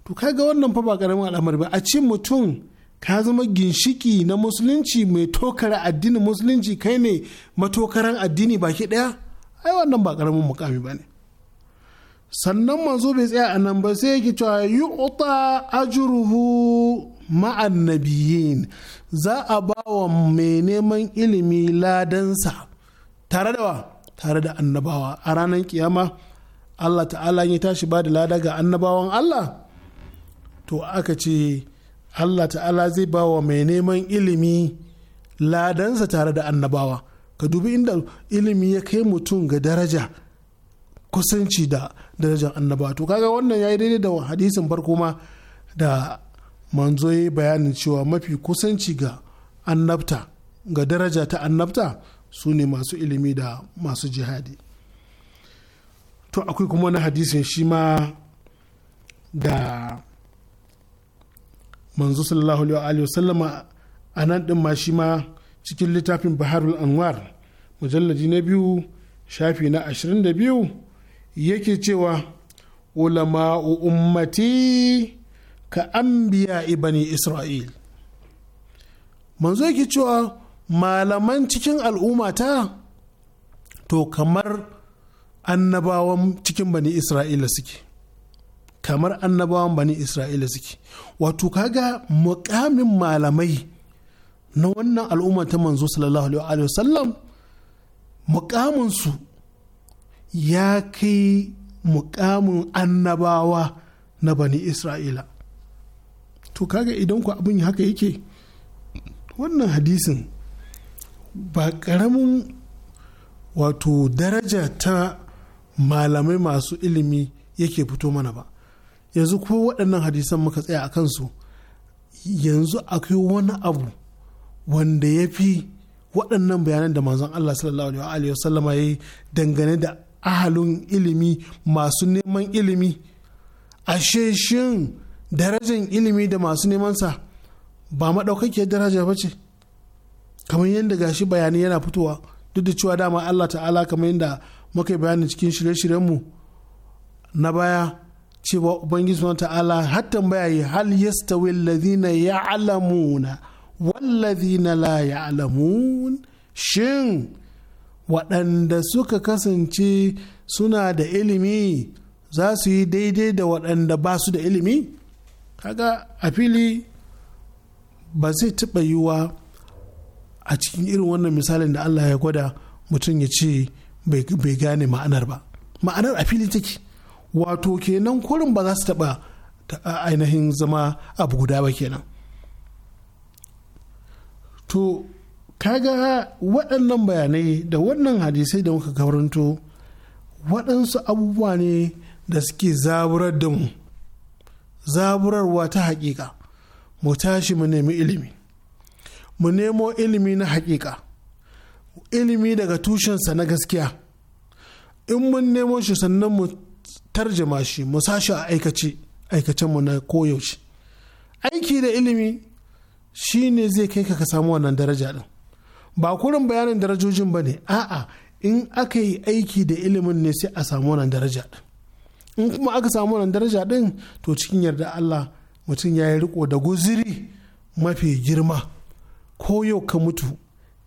to ga wannan fa ba karamin al'amari ba a ce mutum ka zama ginshiki na musulunci mai tokara addinin musulunci kai ne matokaran addini baki daya ai wannan ba karamin mukami ba ne sannan manzo bai tsaya a nan ba sai yake cewa yi uta ajruhu ma'an nabiyin za a ba wa mai neman ilimi ladansa tare da wa tare da annabawa a ranar kiyama Allah ta'ala ya tashi ba da lada ga annabawan Allah to aka ce allah ta'ala zai ba wa mai neman ilimi ladansa tare da annabawa ka dubi inda ilimi ya kai mutum ga daraja kusanci da darajar annabawa to kaga wannan ya yi daidai da hadisin farko ma da manzo ya bayanin cewa mafi kusanci ga annabta ga daraja ta annabta su ne masu ilimi da masu jihadi to akwai kuma wani hadisin shi ma da manzo sallallahu alaihi wa sallama a nan din ma shi ma cikin littafin baharul anwar mujalladi na biyu shafi na 22 yake cewa ulamau ummati ka anbiya ibani isra'il manzo yake cewa malaman cikin al'ummata to kamar annabawan cikin bani isra'ila suke kamar annabawan bani isra'ila suke wato kaga mukamin malamai na wannan al'umma ta manzo sallallahu alaihi wasallam mukaminsu ya kai mukamin annabawa na bani isra'ila to kaga idan ku abin haka yake wannan hadisin ba karamin wato daraja ta malamai masu ilimi yake fito mana ba yanzu ko waɗannan hadisan muka tsaya a kansu yanzu akwai wani abu wanda ya fi waɗannan bayanan da manzon Allah sallallahu alaihi wa ya yi dangane da ahalin ilimi masu neman ilimi a shin darajar ilimi da masu nemansa ba maɗaukakiyar daraja ba ce kamar yadda gashi bayani yana fitowa duk da cewa dama Allah ta'ala kamar yadda muka yi bayanin cikin shirye-shiryenmu na baya cewa ubangiji wata ta'ala hatta tambaya yi hal yastawi alladhina ya'lamuna walladhina la ya'lamun shin waɗanda suka kasance suna da ilimi za su yi daidai da waɗanda ba su da ilimi kaga a fili ba zai taɓa yiwa a cikin irin wannan misalin da Allah ya gwada mutum ya ce bai gane ma'anar ba ma'anar a fili take wato kenan kurin ba za su taɓa ainihin zama abu guda ba kenan to kaga waɗannan bayanai da wannan hadisai da muka karanto waɗansu abubuwa ne da suke zaburar da mu zaburarwa ta haƙiƙa mu tashi mu nemi ilimi mu nemo ilimi na haƙiƙa ilimi daga tushensa na gaskiya in mun nemo shi sannan mu tarjama shi mu sashi a aikace aikacenmu na koyaushe aiki da ilimi shi ne zai kai ka ka samu wannan daraja din ba kurin bayanin darajojin ba ne a'a in aka yi aiki da ilimin ne sai a samu wannan daraja din in kuma aka samu wannan daraja din to cikin yarda Allah mutum ya yi riko da guziri mafi girma ko yau ka mutu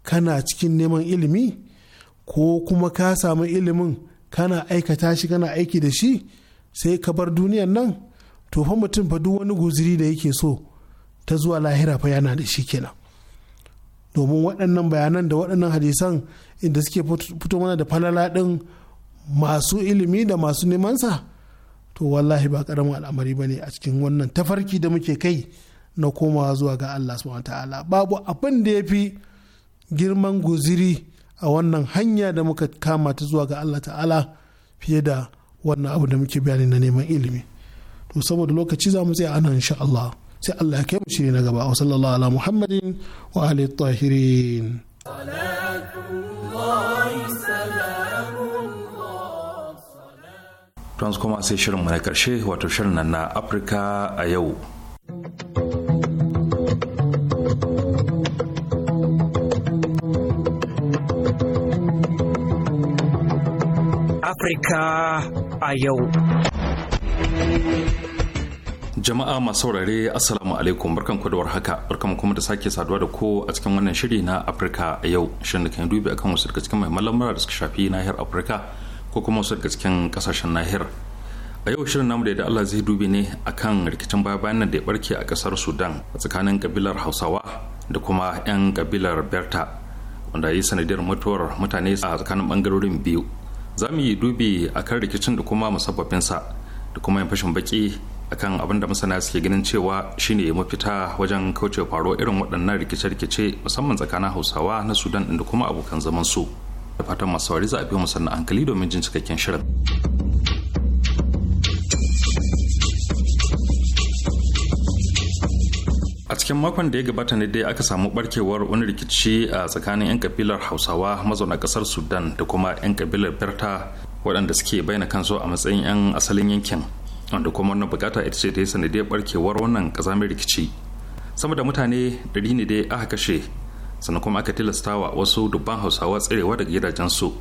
kana cikin neman ilimi ko kuma ka samu ilimin kana aikata shi kana aiki da shi sai ka bar duniyan nan to fa mutum fa duk wani guziri da yake so ta zuwa lahira fa yana da shi kenan domin waɗannan bayanan da waɗannan hadisan inda suke fito mana da falala ɗin masu ilimi da masu nemansa to wallahi ba ƙaramin al'amari ba ne a cikin wannan tafarki da muke kai na komawa zuwa ga Allah subhanahu ta'ala babu abin da ya fi girman guziri a wannan hanya da muka kama ta zuwa ga Allah ta'ala fiye da wannan abu da muke bayani na neman ilimi to saboda lokaci za mu tsaya ana insha Allah sai Allah ya kai mu shiri na gaba wa sallallahu ala muhammadin wa alihi tahirin Trans kuma sai shirin mu na karshe wato shirin nan na Afirka a yau. Afirka a yau. Jama'a masu saurare Assalamu alaikum barkan ku da warhaka barkan kuma da sake saduwa da ko a cikin wannan shiri na Afirka a yau shirin da kan dubi akan wasu daga cikin mahimman lamura da suka shafi nahiyar Afirka ko kuma wasu daga cikin kasashen nahiyar. a yau shirin namu da Allah zai dubi ne akan rikicin baya bayan da ya barke a kasar Sudan a tsakanin kabilar Hausawa da kuma 'yan kabilar Berta wanda ya yi sanadiyar mutuwar mutane a tsakanin bangarorin biyu za mu yi dubi a kan rikicin da kuma musabbabinsa da kuma yin fashin baki a kan abin da masana suke ganin cewa shine mafita wajen kauce faro irin waɗannan rikice-rikice musamman tsakanin hausawa na sudan da kuma abokan zaman su da fatan masu za a biyo musamman hankali domin jin cikakken shirin. cikin makon da ya gabata ne dai aka samu barkewar wani rikici a tsakanin 'yan kabilar hausawa mazauna kasar sudan da kuma 'yan kabilar berta waɗanda suke bayyana kansu a matsayin 'yan asalin yankin wanda kuma wannan bukata ita ce ta yi sanadiyar barkewar wannan kazamin rikici sama da mutane ɗari ne dai aka kashe sannan kuma aka tilastawa wasu dubban hausawa tserewa daga gidajensu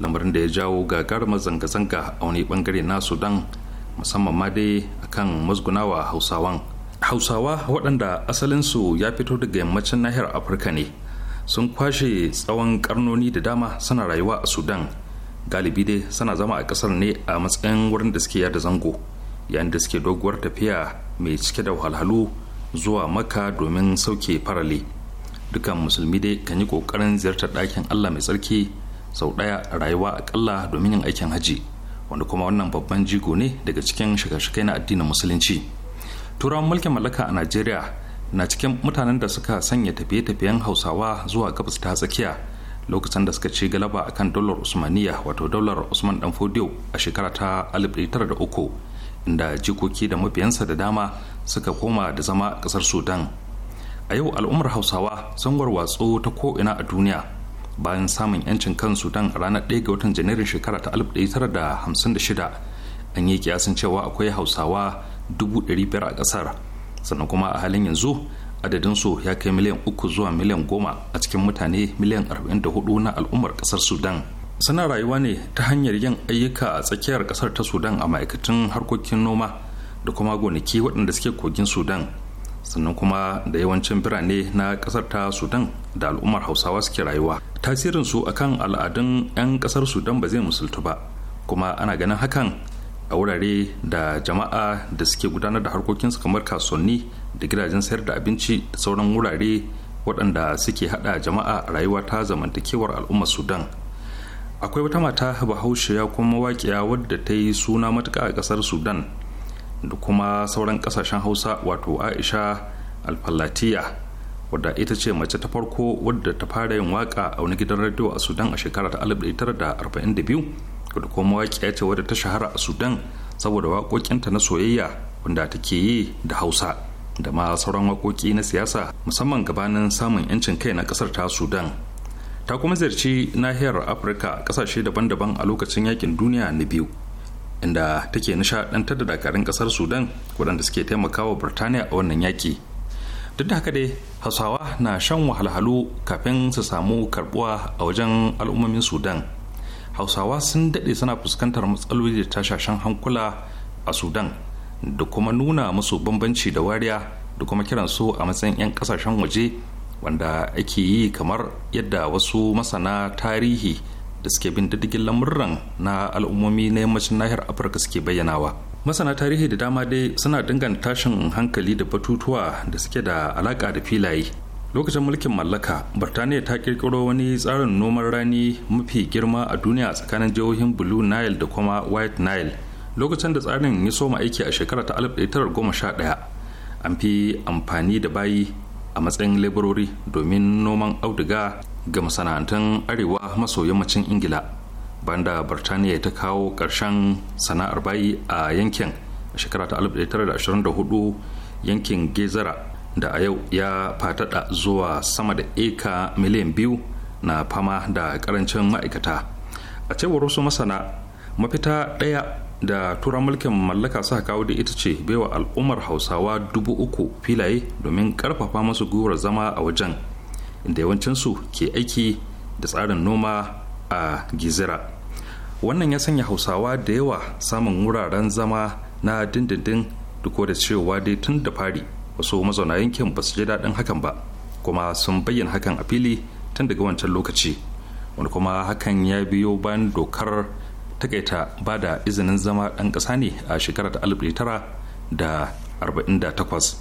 lamarin da ya jawo gagarumar zanga-zanga a wani bangare na sudan musamman ma dai akan musgunawa hausawan hausawa waɗanda asalinsu ya fito daga yammacin nahiyar afirka ne sun kwashe tsawon karnoni da dama suna rayuwa a sudan galibi dai suna zama a ƙasar ne a matsayin wurin da suke yada zango yayin da suke doguwar tafiya mai cike da wahalhalu zuwa maka domin sauke farale dukan musulmi dai kan yi ƙoƙarin ziyartar ɗakin allah mai tsarki sau ɗaya rayuwa aƙalla domin yin aikin haji wanda kuma wannan babban jigo ne daga cikin shiga shikai na addinin musulunci turawan mulkin mallaka a najeriya na cikin mutanen da suka sanya tafiye-tafiyen hausawa zuwa gabas ta tsakiya lokacin da suka ci galaba a kan dolar usmaniya wato dolar usman dan fodiyo a shekara ta 1903 inda jikoki da mabiyansa da dama suka koma da zama kasar sudan a yau al'ummar hausawa sun warwatsu ta ko'ina a duniya bayan samun yancin kan sudan a ranar 1 ga watan janairun shekara ta 1956 an yi kiyasin cewa akwai hausawa 500 a kasar sannan kuma a halin yanzu adadinsu ya kai miliyan uku zuwa miliyan goma a cikin mutane miliyan 44 na al'ummar kasar sudan suna rayuwa ne ta hanyar yin ayyuka a tsakiyar kasar ta sudan a ma'aikatan harkokin noma da kuma gonaki waɗanda suke kogin sudan sannan kuma da yawancin birane na kasar ta sudan da al'ummar hausawa suke rayuwa tasirinsu akan al'adun 'yan kasar sudan ba zai musultu ba kuma ana ganin hakan a wurare da jama'a da suke gudanar da harkokinsu kamar kasuwanni da gidajen sayar da abinci da sauran wurare waɗanda suke haɗa jama'a a rayuwa ta zamantakewar al'ummar sudan akwai wata mata ya kuma mawaƙiya wadda ta yi suna matuka a ƙasar sudan da kuma sauran ƙasashen hausa wato aisha alfallatiya wadda ita ce mace ta farko wadda ta fara yin waƙa a wani gidan radio a sudan a shekara ta 1942 wadda kuma ya ce wadda ta shahara a sudan saboda waƙoƙinta na soyayya wanda take yi da hausa da ma sauran waƙoƙi na siyasa musamman gabanin samun 'yancin kai na ƙasar ta sudan ta kuma ziyarci nahiyar afirka ƙasashe daban-daban a lokacin yakin duniya na biyu inda take nishaɗantar da dakarun ƙasar sudan waɗanda suke taimakawa birtaniya a wannan yaƙi duk da haka dai hausawa na shan wahalhalu kafin su samu karbuwa a wajen al'ummomin sudan hausawa sun daɗe suna fuskantar matsaloli da tashashen hankula a sudan da kuma nuna musu bambanci da wariya da kuma kiran su a matsayin 'yan kasashen waje wanda ake yi kamar yadda wasu masana tarihi da suke bin diddigin lamurran na al'ummomi na yammacin nahiyar afirka suke bayyanawa masana tarihi da dama dai suna danganta tashin hankali da batutuwa da suke da alaka da filaye lokacin mulkin mallaka birtaniya ta kirkiro wani tsarin noman rani mafi girma a duniya tsakanin jihohin blue nile da kuma white nile lokacin da tsarin ya soma aiki a shekara ta 1911 an fi amfani da bayi a matsayin laborori domin noman auduga ga masana'antun arewa maso yammacin ingila banda birtaniya ta kawo ƙarshen sana'ar bayi a yankin a shekara ta 1924 yankin gezara da a yau ya fatada zuwa sama da eka miliyan biyu na fama da karancin ma'aikata a cewar wasu masana mafita ɗaya da turan mulkin mallaka sa kawo da ita ce baiwa al'ummar hausawa dubu uku filaye domin karfafa masu gwiwar zama a wajen inda yawancinsu ke aiki da tsarin noma a gizira wannan ya sanya hausawa da yawa samun wuraren zama na dindindin duk da cewa dai tun da fari wasu mazauna yankin ba su ji daɗin hakan ba kuma sun bayyana hakan a fili tun daga wancan lokaci wani kuma hakan ya biyo bayan dokar takaita ba da izinin zama ɗan ƙasa ne a shekarar ta da arba'in takwas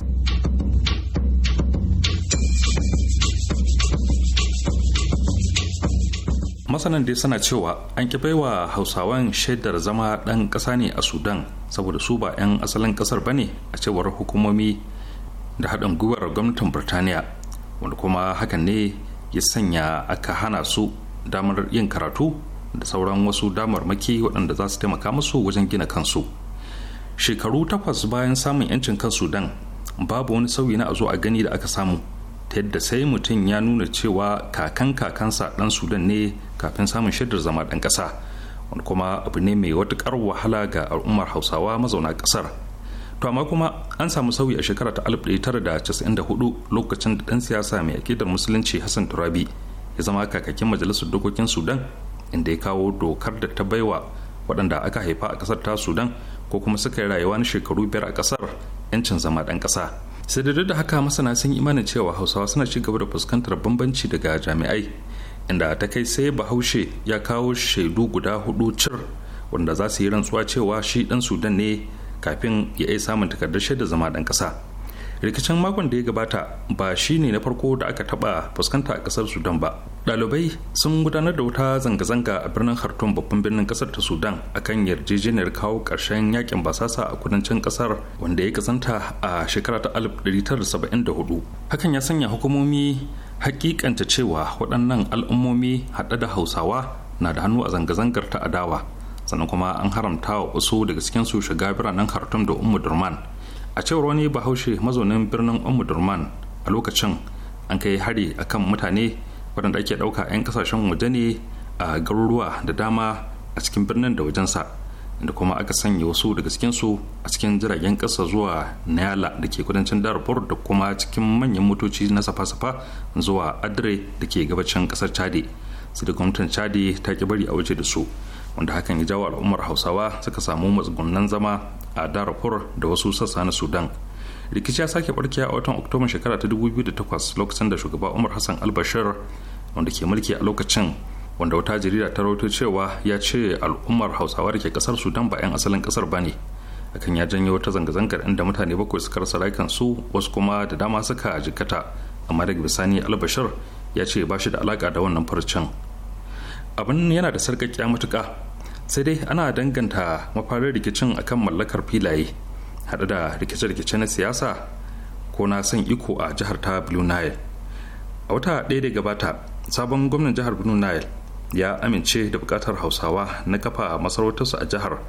masanan dai suna cewa an ki baiwa hausawan shaidar zama ɗan ƙasa ne a sudan saboda su ba 'yan asalin ƙasar ba ne a cewar hukumomi da haɗin gwiwar gwamnatin burtaniya wanda kuma hakan ne ya sanya aka hana su damar yin karatu da sauran wasu damar maki waɗanda za su taimaka musu wajen gina kansu shekaru takwas bayan samun 'yancin kan sudan babu wani sauyi na a zo a gani da aka samu ta yadda sai mutum ya nuna cewa kakan kakansa ɗan sudan ne kafin samun shaidar zama ɗan ƙasa wani kuma abu ne mai watuƙar wahala ga al'ummar hausawa mazauna ƙasar to amma kuma an samu sauyi a shekara ta 1994 lokacin da dan siyasa mai akidar musulunci hassan turabi ya zama kakakin majalisar dokokin sudan inda ya kawo dokar da ta baiwa waɗanda aka haifa a kasar ta sudan ko kuma suka yi rayuwa na shekaru biyar a kasar 'yancin zama ɗan ƙasa sai da da haka masana sun yi imanin cewa hausawa suna ci gaba da fuskantar bambanci daga jami'ai inda ta kai sai bahaushe ya kawo shaidu guda hudu cir wanda za su yi rantsuwa cewa shi dan sudan ne kafin ya yi samun takardar shaidar zama ɗan ƙasa rikicin makon da ya gabata ba shi ne na farko da aka taɓa fuskanta a ƙasar sudan ba ɗalibai sun gudanar da wuta zanga-zanga a birnin khartoum babban birnin ƙasar ta sudan akan yarjejeniyar kawo karshen yakin basasa a kudancin ƙasar wanda ya kasanta a shekara ta 1974 hakan ya sanya hukumomi hakikanta cewa waɗannan al'ummomi haɗe da hausawa na da hannu a zanga-zangar ta adawa sannan kuma an haramta wa wasu daga cikinsu shiga biranen khartoum da ummu durman a cewar wani bahaushe mazaunin birnin ummu durman a lokacin an kai hari akan mutane waɗanda ake ɗauka 'yan kasashen waje ne a garuruwa da dama a cikin birnin da wajensa da kuma aka sanya wasu daga cikinsu a cikin jiragen ƙasa zuwa nayala da ke kudancin darfur da kuma cikin manyan motoci na safa-safa zuwa adre da ke gabacin ƙasar chadi sai da gwamnatin chadi ta ki bari a waje da su wanda hakan ya jawo al'ummar hausawa suka samu matsugunan zama a darfur da wasu sassa na sudan rikici ya sake barke a watan oktoba shekara ta 2008 lokacin da shugaba umar hassan albashir wanda ke mulki a lokacin wanda wata jarida ta rawaito cewa ya ce al'ummar hausawa da ke kasar sudan ba 'yan asalin kasar ba ne hakan ya janyo wata zanga-zangar inda mutane bakwai suka rasa rayukan su wasu kuma da dama suka jikkata amma daga bisani albashir ya ce ba shi da alaka da wannan farcen abin yana da sarƙaƙiya matuƙa sai dai ana danganta mafarin rikicin a kan mallakar filaye haɗe da rikice-rikice na siyasa ko na son iko a jihar ta blue nile a wata ɗaya da gabata sabon gwamnan jihar blue nile ya amince da buƙatar hausawa na kafa masarautarsu a jihar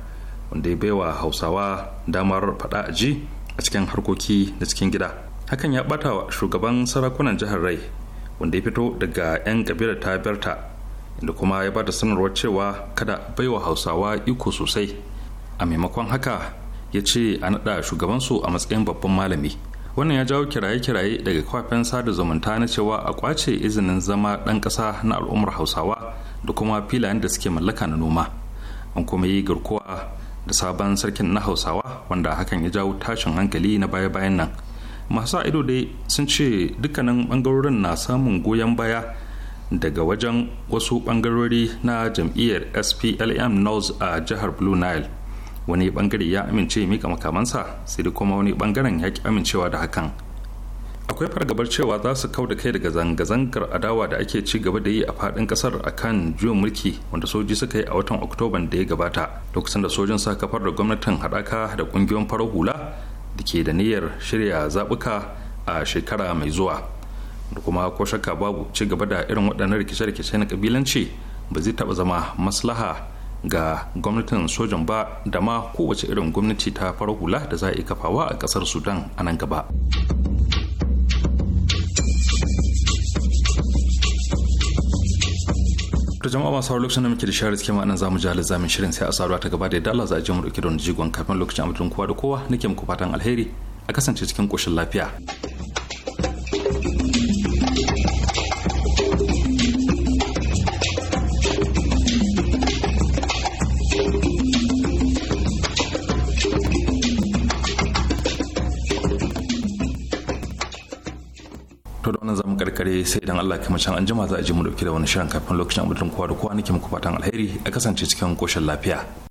wanda ya baiwa hausawa damar faɗa a ji a cikin harkoki na cikin gida hakan ya ɓata wa shugaban sarakunan jihar rai wanda ya fito daga 'yan kabilar ta berta da kuma ya ba da sanarwar cewa kada bai wa hausawa iko sosai a maimakon haka ya ce a naɗa shugabansu a matsayin babban malami wannan ya jawo kiraye-kiraye daga kwafen sada zumunta na cewa a kwace izinin zama ɗan ƙasa na al'ummar hausawa da kuma filayen da suke mallaka na noma an kuma yi garkuwa da sabon sarkin na hausawa wanda hakan ya jawo tashin hankali na baya-bayan nan masu ido dai sun ce dukkanin bangarorin na samun goyon baya daga wajen wasu bangarori na jam'iyyar splm north a jihar blue nile wani bangare ya amince mika makamansa sai da kuma wani bangaren ya ki amincewa da hakan akwai fargabar cewa za su kau da kai daga zanga-zangar adawa da ake ci gaba da yi a fadin kasar kan juyin mulki wanda soji suka yi a watan oktoban da ya gabata lokacin da sojin sa kafar da gwamnatin haɗaka da ƙungiyoyin farar hula da ke da niyyar shirya zaɓuka a shekara mai zuwa da kuma ko shakka babu ci gaba da irin waɗannan rikice-rikice na kabilanci ba zai taɓa zama maslaha ga gwamnatin sojan ba da ma kowace irin gwamnati ta fara hula da za a yi kafawa a ƙasar sudan a nan gaba to jama'a masu hauwa lokacin da muke da share suke ma'anan zamu ji zamin shirin sai a saduwa ta gaba da yadda Allah za a ji mu dauke da wani jigon kafin lokacin amadun kowa da kowa nake muku fatan alheri a kasance cikin koshin lafiya. sai idan Allah kuma can anjima za a ji mu dauke da wani shirin kafin lokacin abudin kowa da kowa nake muku fatan alheri a kasance cikin koshin lafiya